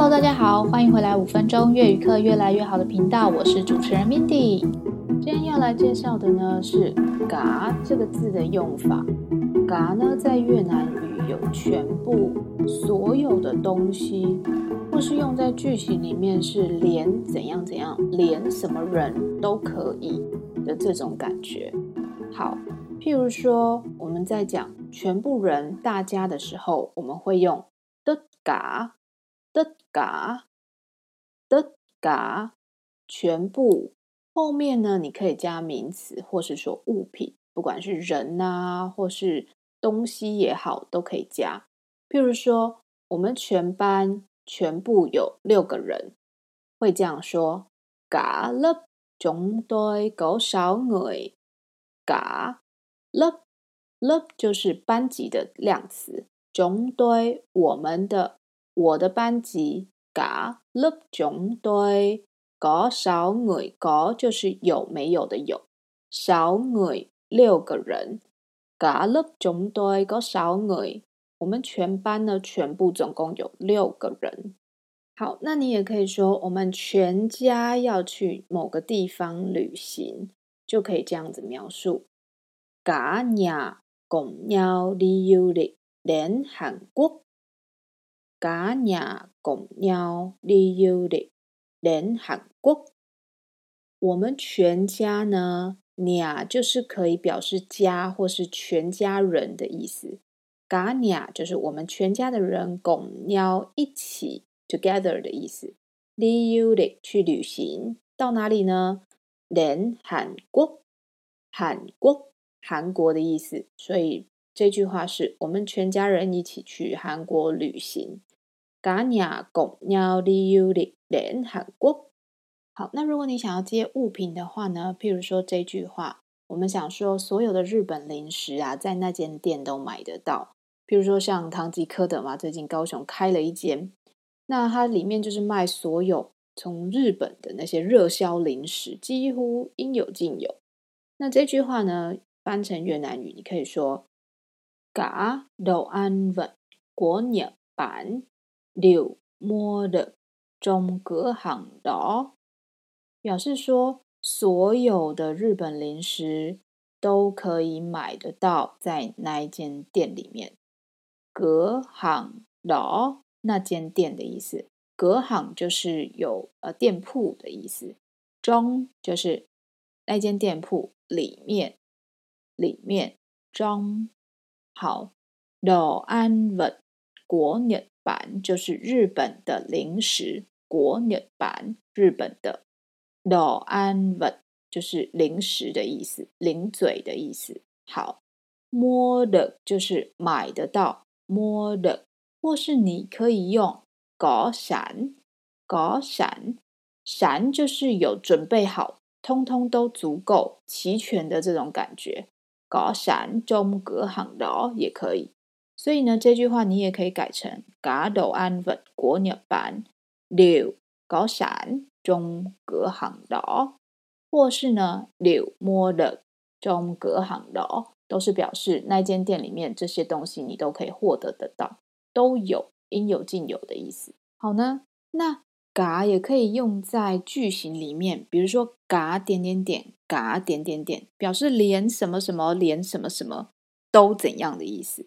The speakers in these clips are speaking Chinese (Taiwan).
Hello，大家好，歡迎回來五分鐘越語課越來越好的頻道，我是主持人 Mindy。今天要來介紹的呢是“嘎”這個字的用法。嘎呢“嘎”呢在越南語有全部、所有的東西，或是用在句型裡面是連怎樣怎樣、連什麼人都可以的這種感覺。好，譬如說我們在講全部人、大家的時候，我們會用的“嘎”。的嘎，的嘎，全部後面呢，你可以加名詞，或是說物品，不管是人吶、啊，或是東西也好，都可以加。譬如說，我們全班全部有六個人，會這樣說：嘎了，中對狗少，我嘎了，了就是班級的量詞，中對我們的。我的班級噶六中隊噶小外噶，就是有沒有的有小外六個人，噶六中隊噶小外，我們全班呢，全部總共有六個人。好，那你也可以說，我們全家要去某個地方旅行，就可以這樣子描述。Cả nhà cùng nhau đi du lịch đến Hàn Quốc cả nhà cùng nhau đi du lịch đến Hàn Quốc。我們全家呢，nhà 就是可以表示家或是全家人的意思。cả nhà 就是我們全家的人，cùng nhau 一起 （together） 的意思。đi du lịch 去旅行，到哪裡呢？đến Hàn Quốc，Hàn Quốc 韓國的意思。所以這句話是我們全家人一起去韓國旅行。咖呀公鳥里有里連韓國。好，那如果你想要接物品的話呢？譬如說這句話，我們想說所有的日本零食啊，在那間店都買得到。譬如說像唐吉訶德嘛，最近高雄開了一間，那它裡面就是賣所有從日本的那些熱銷零食，幾乎應有盡有。那這句話呢，翻成越南語，你可以說“嘎，豆安穩國日版”。六、摸的中隔行道，表示說所有的日本零食都可以買得到，在那一間店裡面。隔行道，那間店的意思，隔行就是有呃店鋪的意思，中就是那間店鋪裡面裡面裝好的安穩果仁。國版就是日本的零食，國日版日本的老安穩，就是零食的意思，零嘴的意思。好，摸的，就是買得到，摸的，或是你可以用搞閃，搞閃閃，高山山就是有準備好，通通都足夠齊全的這種感覺。搞閃中格行的哦，也可以。所以呢，這句話你也可以改成“嘎都安穩果鳥本六搞散中隔行到”，或是呢“六摸的，中隔行到”，都是表示那間店裡面這些東西你都可以獲得得到，都有應有盡有的意思。好呢，那“嘎”也可以用在句型裡面，比如說“嘎點點點嘎點點點”，表示連什麼什麼連什麼什麼都怎樣的意思。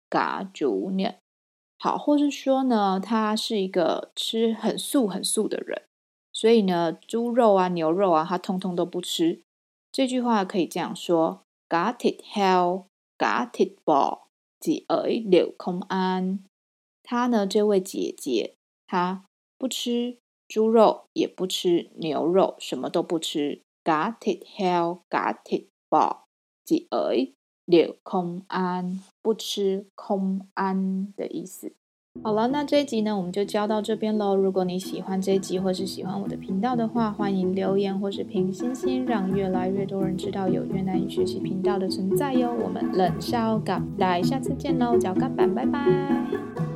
嘎豬肉，好，或是說呢，他是一個吃很素很素的人，所以呢，豬肉啊、牛肉啊，他通通都不吃。這句話可以這樣說：gat it hell，gat it ball，只耳柳空安。他呢，這位姐姐，他不吃豬肉，也不吃牛肉，什麼都不吃。gat it hell，gat it ball，只耳。留空安，不吃空安的意思。好了，那這一集呢，我們就教到這邊嘍。如果你喜歡這一集，或是喜歡我的頻道的話，歡迎留言或是評星星，讓越來越多人知道有越南語學習頻道的存在喲。我們冷笑咖，來，下次見嘍，教干版，拜拜。